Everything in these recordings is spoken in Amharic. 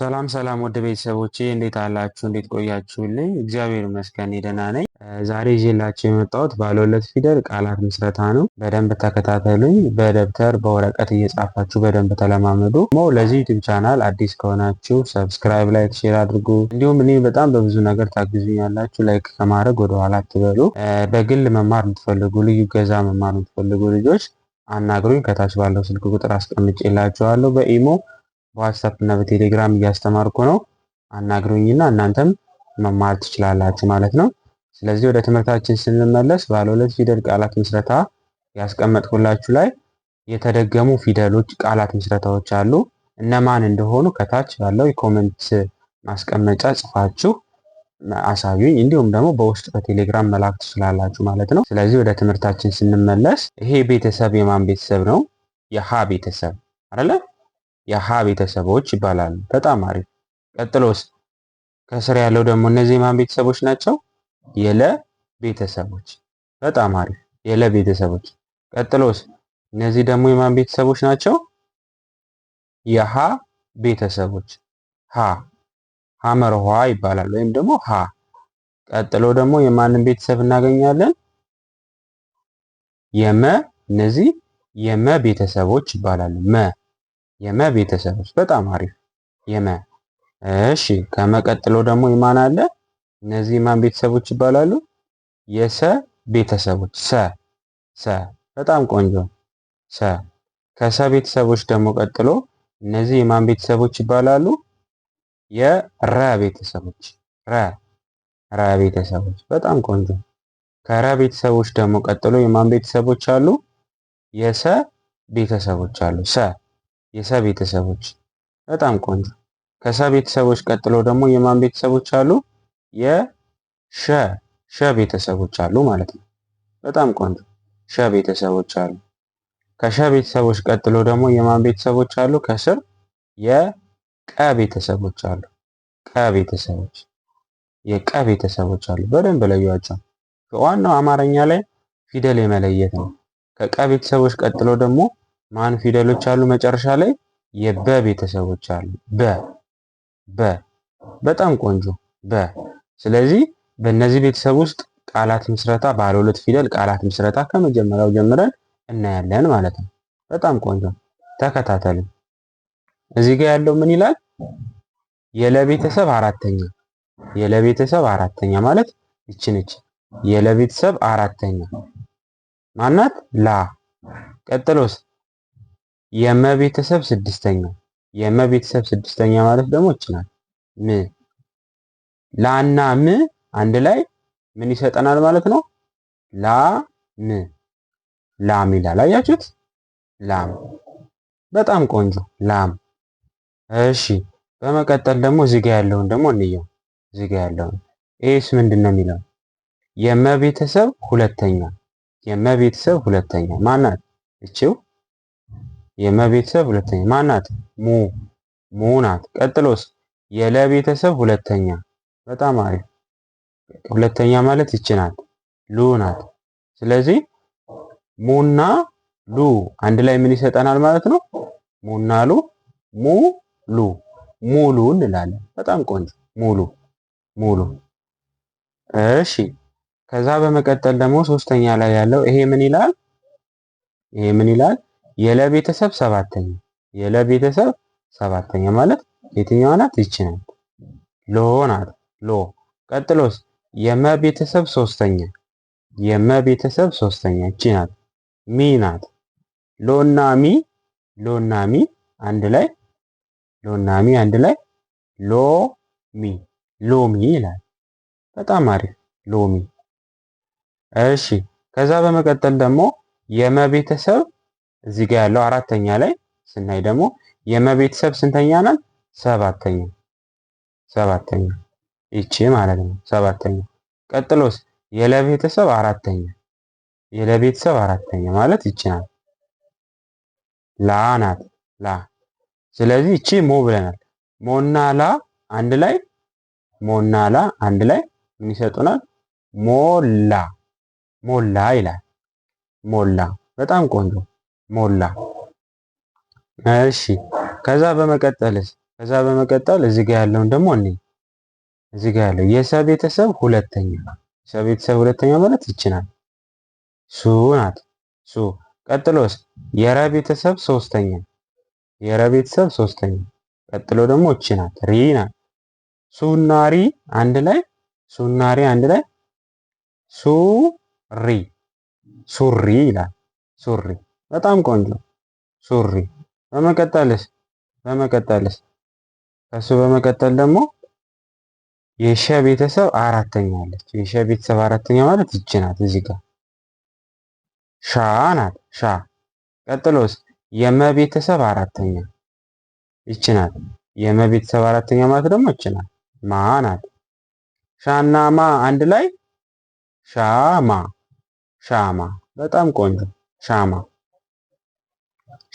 ሰላም ሰላም ወደ ቤተሰቦቼ እንዴት አላችሁ? እንዴት ቆያችሁልኝ? እግዚአብሔር ይመስገን ደህና ነኝ። ዛሬ ይዤላችሁ የመጣሁት ባለሁለት ፊደል ቃላት ምስረታ ነው። በደንብ ተከታተሉኝ። በደብተር በወረቀት እየጻፋችሁ በደንብ ተለማመዱ። ሞ ለዚህ ዩቲዩብ ቻናል አዲስ ከሆናችሁ ሰብስክራይብ፣ ላይክ፣ ሼር አድርጉ። እንዲሁም እኔ በጣም በብዙ ነገር ታግዙኛላችሁ። ላይክ ከማድረግ ወደኋላ አትበሉ። በግል መማር የምትፈልጉ ልዩ ገዛ መማር የምትፈልጉ ልጆች አናግሩኝ። ከታች ባለው ስልክ ቁጥር አስቀምጬላችኋለሁ በኢሞ በዋትሳፕ እና በቴሌግራም እያስተማርኩ ነው። አናግሩኝና እናንተም መማር ትችላላችሁ ማለት ነው። ስለዚህ ወደ ትምህርታችን ስንመለስ ባለ ሁለት ፊደል ቃላት ምስረታ ያስቀመጥኩላችሁ ላይ የተደገሙ ፊደሎች ቃላት ምስረታዎች አሉ። እነማን እንደሆኑ ከታች ባለው የኮመንት ማስቀመጫ ጽፋችሁ አሳዩኝ። እንዲሁም ደግሞ በውስጥ በቴሌግራም መላክ ትችላላችሁ ማለት ነው። ስለዚህ ወደ ትምህርታችን ስንመለስ ይሄ ቤተሰብ የማን ቤተሰብ ነው? የሀ ቤተሰብ አይደለ? የሀ ቤተሰቦች ይባላሉ። በጣም አሪፍ። ቀጥሎስ ከስር ያለው ደግሞ እነዚህ የማን ቤተሰቦች ናቸው? የለ ቤተሰቦች። በጣም አሪፍ። የለ ቤተሰቦች። ቀጥሎስ እነዚህ ደግሞ የማን ቤተሰቦች ናቸው? የሀ ቤተሰቦች። ሀ ሀመር ውሃ ይባላል ወይም ደግሞ ሀ። ቀጥሎ ደግሞ የማንን ቤተሰብ እናገኛለን? የመ እነዚህ የመ ቤተሰቦች ይባላሉ። መ የመ ቤተሰቦች በጣም አሪፍ የመ እሺ። ከመቀጥሎ ደግሞ የማን አለ? እነዚህ የማን ቤተሰቦች ይባላሉ? የሰ ቤተሰቦች ሰ ሰ በጣም ቆንጆ ሰ። ከሰ ቤተሰቦች ደግሞ ቀጥሎ እነዚህ የማን ቤተሰቦች ይባላሉ? የረ ቤተሰቦች ረ ረ ቤተሰቦች በጣም ቆንጆ። ከረ ቤተሰቦች ደግሞ ቀጥሎ የማን ቤተሰቦች አሉ? የሰ ቤተሰቦች አሉ ሰ የሰ ቤተሰቦች በጣም ቆንጆ። ከሰ ቤተሰቦች ቀጥሎ ደግሞ የማን ቤተሰቦች አሉ? የሸ ሸ ቤተሰቦች አሉ ማለት ነው። በጣም ቆንጆ። ሸ ቤተሰቦች አሉ። ከሸ ቤተሰቦች ቀጥሎ ደግሞ የማን ቤተሰቦች አሉ? ከስር የቀ ቤተሰቦች አሉ። ቀ ቤተሰቦች የቀ ቤተሰቦች አሉ። በደንብ ለዩዋቸው። ዋናው አማርኛ ላይ ፊደል የመለየት ነው። ከቀ ቤተሰቦች ቀጥሎ ደግሞ ማን ፊደሎች አሉ መጨረሻ ላይ የበ ቤተሰቦች አሉ። በ በ በጣም ቆንጆ በ። ስለዚህ በእነዚህ ቤተሰብ ውስጥ ቃላት ምስረታ ባለ ሁለት ፊደል ቃላት ምስረታ ከመጀመሪያው ጀምረን እናያለን ማለት ነው። በጣም ቆንጆ ተከታተሉ። እዚህ ጋር ያለው ምን ይላል? የለቤተሰብ አራተኛ የለቤተሰብ አራተኛ ማለት ይቺ ነች። የለቤተሰብ አራተኛ ማናት? ላ። ቀጥሎስ የመቤተሰብ ስድስተኛ የመቤተሰብ ስድስተኛ ማለት ደግሞ ይችላል ም ላና ም አንድ ላይ ምን ይሰጠናል ማለት ነው። ላ ም ላም ይላል። አያችሁት? ላም በጣም ቆንጆ ላም። እሺ በመቀጠል ደግሞ ዝጋ ጋ ያለውን ደግሞ እንየው። ዝጋ ያለውን ኤስ ምንድን ነው የሚለው? የመቤተሰብ ሁለተኛ የመቤተሰብ ሁለተኛ ማናት? እችው የመቤተሰብ ሁለተኛ ማናት? ሙ ሙ ናት። ቀጥሎስ የለቤተሰብ ሁለተኛ። በጣም አሪፍ ሁለተኛ ማለት ይች ናት፣ ሉ ናት። ስለዚህ ሙና ሉ አንድ ላይ ምን ይሰጠናል ማለት ነው? ሙና ሉ ሙ ሉ ሙሉ እንላለን። በጣም ቆንጆ ሙሉ ሙሉ። እሺ ከዛ በመቀጠል ደግሞ ሶስተኛ ላይ ያለው ይሄ ምን ይላል? ይሄ ምን ይላል? የለ ቤተሰብ ሰባተኛ የለ ቤተሰብ ሰባተኛ ማለት የትኛዋ ናት? ይቺ ናት። ሎ ናት። ሎ ቀጥሎስ የመ ቤተሰብ ሶስተኛ የመ ቤተሰብ ሶስተኛ እቺ ናት። ሚ ናት። ሎናሚ እና ሚ ሎናሚ ሚ አንድ ላይ ሎ ሚ አንድ ላይ ሎ ሚ ሎሚ ይላል። በጣም አሪፍ ሎሚ። እሺ ከዛ በመቀጠል ደግሞ የመ ቤተሰብ እዚህ ጋር ያለው አራተኛ ላይ ስናይ ደግሞ የመቤተሰብ ስንተኛ ናት? ሰባተኛ ሰባተኛ ይቺ ማለት ነው። ሰባተኛ ቀጥሎስ የለቤተሰብ አራተኛ የለቤተሰብ አራተኛ ማለት ይቺ ናት። ላ ናት ላ። ስለዚህ ይቺ ሞ ብለናል። ሞና ላ አንድ ላይ ሞና ላ አንድ ላይ ምን ይሰጡናል? ሞላ ሞላ ይላል። ሞላ በጣም ቆንጆ ሞላ። እሺ ከዛ በመቀጠልስ ከዛ በመቀጠል እዚህ ጋር ያለውን ደግሞ እኔ እዚህ ጋር ያለው የሰ ቤተሰብ ሁለተኛ የሰ ቤተሰብ ሁለተኛ ማለት ይችናል ሱ ናት። ሱ ቀጥሎስ የረ ቤተሰብ ሶስተኛ የረ ቤተሰብ ሶስተኛ ቀጥሎ ደግሞ እቺ ናት ሪ ናት። ሱናሪ አንድ ላይ ሱናሪ አንድ ላይ ሱሪ ሱሪ ይላል ሱሪ በጣም ቆንጆ ሱሪ። በመቀጠልስ በመቀጠልስ ከሱ በመቀጠል ደግሞ የሸ ቤተሰብ አራተኛ አለች። የሸ ቤተሰብ አራተኛ ማለት ይች ናት። እዚህ ጋር ሻ ናት። ሻ ቀጥሎስ የመ ቤተሰብ አራተኛ ይች ናት። የመ ቤተሰብ አራተኛ ማለት ደግሞ ይች ናት። ማ ናት። ሻና ማ አንድ ላይ ሻማ ሻማ። በጣም ቆንጆ ሻማ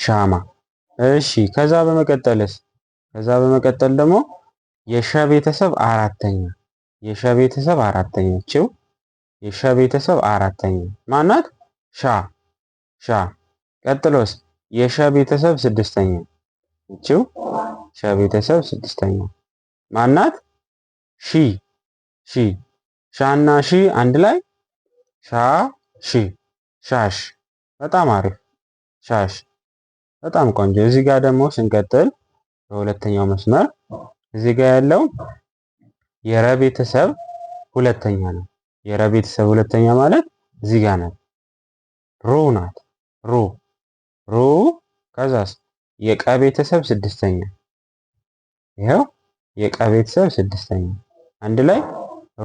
ሻማ። እሺ ከዛ በመቀጠልስ? ከዛ በመቀጠል ደግሞ የሸ ቤተሰብ አራተኛ የሸ ቤተሰብ አራተኛ ችው የሸ ቤተሰብ አራተኛ ማናት? ሻ ሻ። ቀጥሎስ? የሸ ቤተሰብ ስድስተኛ ችው ሸ ቤተሰብ ስድስተኛ ማናት? ሺ ሺ። ሻና ሺ አንድ ላይ ሻ ሺ ሻሽ። በጣም አሪፍ ሻሽ። በጣም ቆንጆ። እዚህ ጋር ደግሞ ስንቀጥል በሁለተኛው መስመር እዚህ ጋር ያለው የረ ቤተሰብ ሁለተኛ ነው። የረ ቤተሰብ ሁለተኛ ማለት እዚህ ጋር ናት፣ ሩ ናት። ሩ ሩ ከዛስ የቀ ቤተሰብ ስድስተኛ። ይኸው የቀ ቤተሰብ ስድስተኛ አንድ ላይ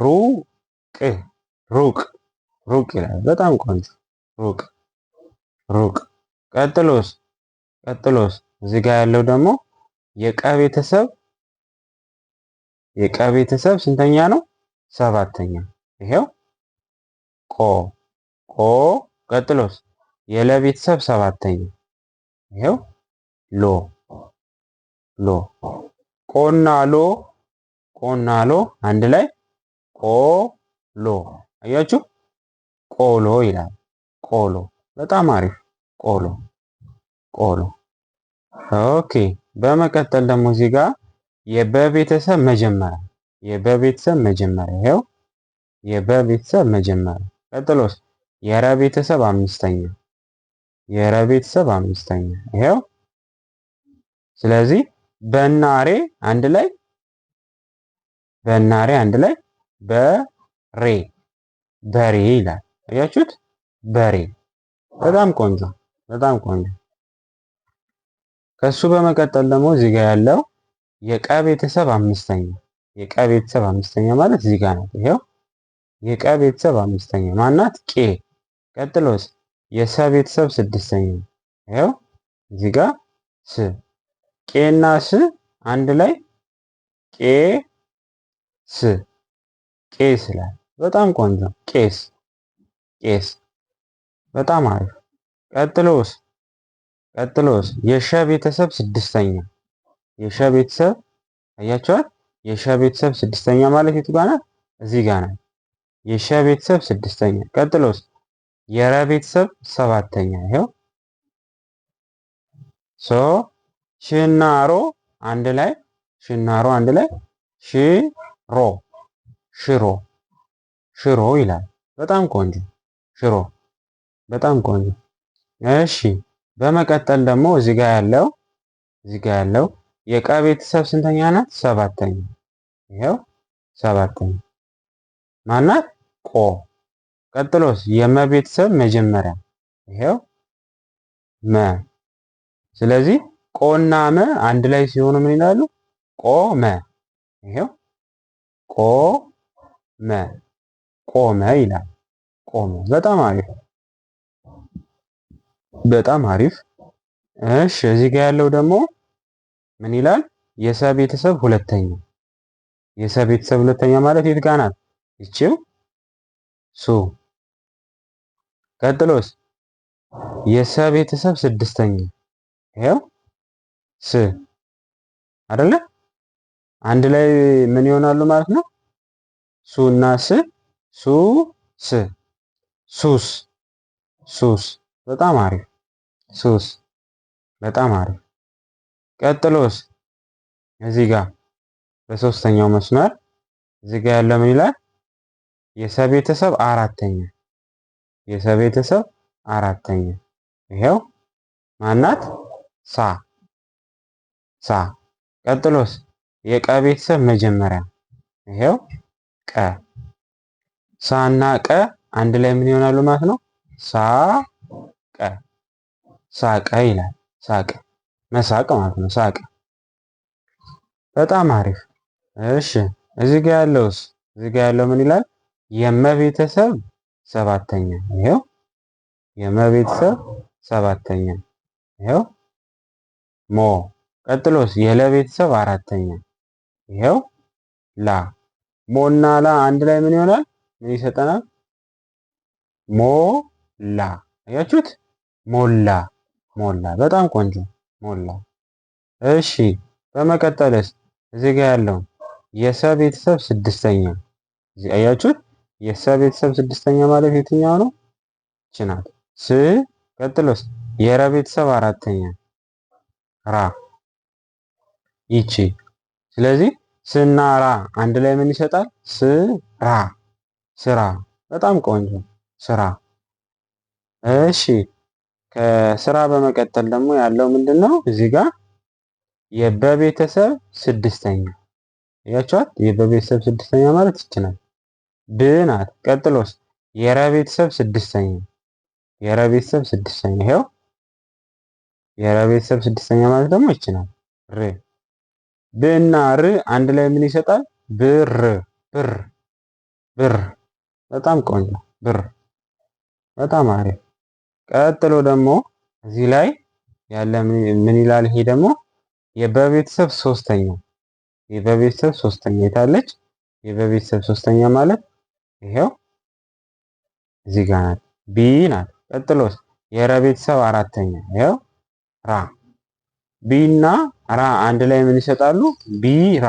ሩቅ ሩቅ ሩቅ ይላል። በጣም ቆንጆ ሩቅ ሩቅ። ቀጥሎስ ቀጥሎስ እዚህ ጋር ያለው ደግሞ የቀ ቤተሰብ የቀ ቤተሰብ ስንተኛ ነው? ሰባተኛ። ይሄው ቆ ቆ። ቀጥሎስ የለ ቤተሰብ ሰባተኛ። ይሄው ሎ ሎ። ቆና ሎ ቆና ሎ አንድ ላይ ቆ ሎ። አያችሁ ቆሎ ይላል። ቆሎ በጣም አሪፍ ቆሎ ቆሎ። ኦኬ። በመቀጠል ደግሞ እዚህ ጋር የበቤተሰብ መጀመሪያ የበቤተሰብ መጀመሪያ ይኸው የበቤተሰብ መጀመሪያ። ቀጥሎስ የረቤተሰብ አምስተኛ የረ ቤተሰብ አምስተኛ ይኸው። ስለዚህ በናሬ አንድ ላይ በናሬ አንድ ላይ በሬ በሬ ይላል። አያችሁት? በሬ በጣም ቆንጆ በጣም ቆንጆ ከሱ በመቀጠል ደግሞ እዚህ ጋር ያለው የቀ ቤተሰብ አምስተኛ የቀ ቤተሰብ አምስተኛ ማለት እዚህ ጋር ነው። ይሄው የቀ ቤተሰብ አምስተኛ ማናት? ቄ። ቀጥሎስ የሰ ቤተሰብ ስድስተኛ ይሄው እዚህ ጋር ስ። ቄና ስ አንድ ላይ ቄ ስ ቄስ ይላል። በጣም ቆንጆ ቄስ ቄስ። በጣም አሪፍ። ቀጥሎስ ቀጥሎስ የሸ ቤተሰብ ስድስተኛ የሻ ቤተሰብ አያቸዋል። የሻ ቤተሰብ ስድስተኛ ማለት የቱ ጋር ናት? እዚህ ጋር ናት። የሻ ቤተሰብ ስድስተኛ። ቀጥሎስ የራ ቤተሰብ ሰባተኛ። ይኸው ሶ ሽናሮ አንድ ላይ ሽናሮ አንድ ላይ ሽሮ ሽሮ ሽሮ ይላል። በጣም ቆንጆ ሽሮ፣ በጣም ቆንጆ። እሺ በመቀጠል ደግሞ እዚህ ጋር ያለው እዚህ ጋር ያለው የቀ ቤተሰብ ስንተኛ ናት? ሰባተኛ። ይኸው ሰባተኛ ማናት? ቆ። ቀጥሎስ የመ ቤተሰብ መጀመሪያ ይኸው መ። ስለዚህ ቆና መ አንድ ላይ ሲሆኑ ምን ይላሉ? ቆመ። ይኸው ቆመ፣ ቆመ ይላል። ቆመ። በጣም አሪፍ በጣም አሪፍ። እሺ እዚህ ጋር ያለው ደግሞ ምን ይላል? የሰ ቤተሰብ ሁለተኛ። የሰ ቤተሰብ ሁለተኛ ማለት የት ጋር ናት? ይቺው ሱ። ቀጥሎስ የሰ ቤተሰብ ስድስተኛ። ይሄው ስ አይደለ? አንድ ላይ ምን ይሆናሉ ማለት ነው? ሱ እና ስ ሱ ስ ሱስ ሱስ በጣም አሪፍ። ሱስ በጣም አሪፍ። ቀጥሎስ እዚህ ጋር በሶስተኛው መስመር እዚህ ጋር ያለው ምን ይላል? የሰ ቤተሰብ አራተኛ የሰ ቤተሰብ አራተኛ ይሄው ማናት ሳ ሳ። ቀጥሎስ የቀ ቤተሰብ መጀመሪያ ይሄው ቀ ሳ እና ቀ አንድ ላይ ምን ይሆናሉ ማለት ነው? ሳ ሳቀ ይላል። ሳቀ መሳቅ ማለት ነው። ሳቀ በጣም አሪፍ። እሺ እዚህ ጋር ያለውስ እዚህ ጋር ያለው ምን ይላል? የመቤተሰብ ሰባተኛ ይሄው የመቤተሰብ ሰባተኛ ይሄው ሞ። ቀጥሎስ የለቤተሰብ አራተኛ ይሄው ላ። ሞና ላ አንድ ላይ ምን ይሆናል? ምን ይሰጠናል? ሞ ላ። አያችሁት? ሞላ ሞላ። በጣም ቆንጆ ሞላ። እሺ በመቀጠልስ እዚህ ጋር ያለው የሰ ቤተሰብ ስድስተኛ እዚህ አያችሁት። የሰ ቤተሰብ ስድስተኛ ማለት የትኛው ነው? ይቺ ናት። ስ ቀጥሎስ የረ ቤተሰብ አራተኛ ራ ይቺ። ስለዚህ ስና ራ አንድ ላይ ምን ይሰጣል? ስራ ስራ። በጣም ቆንጆ ስራ። እሺ ከስራ በመቀጠል ደግሞ ያለው ምንድን ነው? እዚህ ጋር የበቤተሰብ ስድስተኛ እያቸዋት የበቤተሰብ ስድስተኛ ማለት ይችላል ብናት። ቀጥሎስ የረቤተሰብ ስድስተኛ የረቤተሰብ ስድስተኛ ይኸው የረቤተሰብ ስድስተኛ ማለት ደግሞ ይችላል ር ብና ር አንድ ላይ ምን ይሰጣል? ብር ብር ብር። በጣም ቆንጆ ብር። በጣም አሪፍ ቀጥሎ ደግሞ እዚህ ላይ ያለ ምን ይላል? ይሄ ደግሞ የበቤተሰብ ሶስተኛ የበቤተሰብ ሶስተኛ የታለች? የበቤተሰብ ሶስተኛ ማለት ይሄው እዚህ ጋር ናት፣ ቢ ናት። ቀጥሎስ የረቤተሰብ አራተኛ ይሄው ራ። ቢ እና ራ አንድ ላይ ምን ይሰጣሉ? ቢራ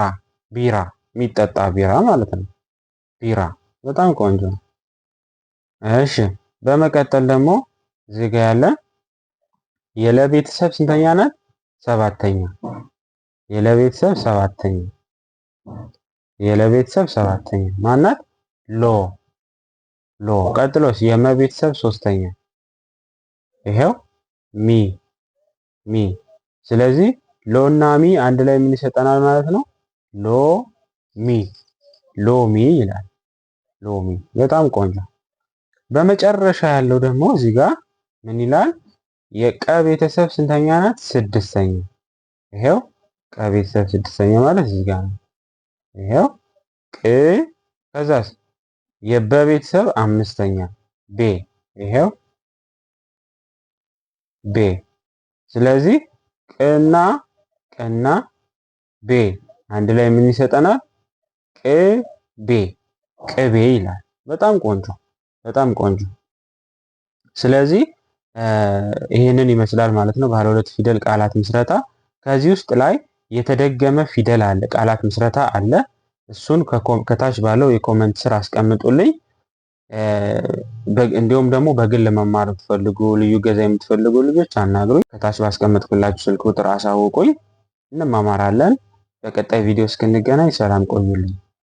ቢራ፣ የሚጠጣ ቢራ ማለት ነው። ቢራ በጣም ቆንጆ ነው። እሺ በመቀጠል ደግሞ እዚህ ጋ ያለ የለቤተሰብ ስንተኛ ናት? ሰባተኛ። የለ ሰባተኛ። የለ ሰባተኛ ማናት? ሎ ሎ። ቀጥሎስ የመ ሶስተኛ። ይሄው ሚ ሚ። ስለዚህ ሎ እና ሚ አንድ ላይ ምን ይሰጠናል ማለት ነው? ሎ ሚ ሎሚ ይላል። ሚ በጣም ቆንጆ። በመጨረሻ ያለው ደግሞ እዚህ ጋር ምን ይላል? የቀ ቤተሰብ ስንተኛ ናት? ስድስተኛ። ይሄው ቀ ቤተሰብ ስድስተኛ ማለት እዚህ ጋር ነው። ይሄው ቅ ከዛስ የበ ቤተሰብ አምስተኛ ቤ። ይሄው ቤ። ስለዚህ ቅና ቀና ቤ አንድ ላይ ምን ይሰጠናል? ቅቤ ቅቤ ይላል። በጣም ቆንጆ በጣም ቆንጆ። ስለዚህ ይሄንን ይመስላል ማለት ነው። ባለ ሁለት ፊደል ቃላት ምስረታ ከዚህ ውስጥ ላይ የተደገመ ፊደል አለ፣ ቃላት ምስረታ አለ። እሱን ከታች ባለው የኮመንት ስር አስቀምጡልኝ። እንዲሁም ደግሞ በግል መማር የምትፈልጉ ልዩ ገዛ የምትፈልጉ ልጆች አናግሩኝ። ከታች ባስቀመጥኩላችሁ ስልክ ቁጥር አሳውቁኝ። እንማማራለን። በቀጣይ ቪዲዮ እስክንገናኝ ሰላም ቆዩልኝ።